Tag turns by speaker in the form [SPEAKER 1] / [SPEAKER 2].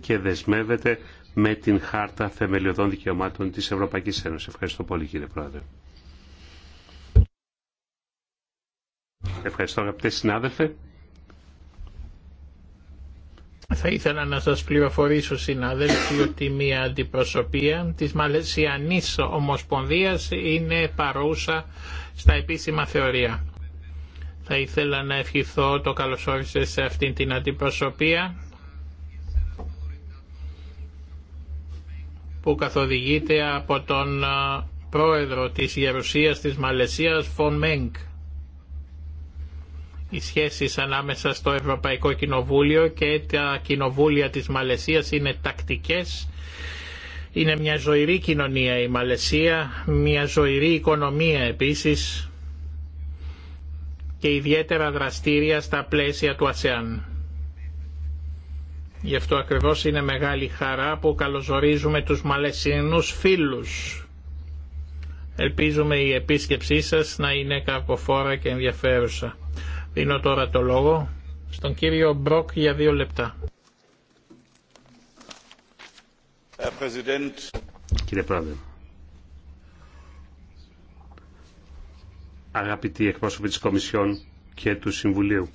[SPEAKER 1] και δεσμεύεται με την Χάρτα Θεμελιωδών Δικαιωμάτων της Ευρωπαϊκής Ένωσης. Ευχαριστώ πολύ κύριε Πρόεδρε. Ευχαριστώ αγαπητέ συνάδελφε.
[SPEAKER 2] Θα ήθελα να σας πληροφορήσω συνάδελφοι ότι μια αντιπροσωπεία της Μαλαισιανής Ομοσπονδίας είναι παρούσα στα επίσημα θεωρία. Θα ήθελα να ευχηθώ το καλωσόρισε σε αυτήν την αντιπροσωπεία που καθοδηγείται από τον πρόεδρο της Ιερουσίας της Μαλαισίας Φον Μέγκ. Οι σχέσεις ανάμεσα στο Ευρωπαϊκό Κοινοβούλιο και τα κοινοβούλια της Μαλαισίας είναι τακτικές. Είναι μια ζωηρή κοινωνία η Μαλαισία, μια ζωηρή οικονομία επίσης και ιδιαίτερα δραστήρια στα πλαίσια του ΑΣΕΑΝ. Γι' αυτό ακριβώς είναι μεγάλη χαρά που καλωσορίζουμε τους μαλαισινούς φίλους. Ελπίζουμε η επίσκεψή σας να είναι καρποφόρα και ενδιαφέρουσα. Δίνω τώρα το λόγο στον κύριο Μπροκ για δύο λεπτά.
[SPEAKER 1] Κύριε Πρόεδρε, αγαπητοί εκπρόσωποι της Κομισιόν και του Συμβουλίου,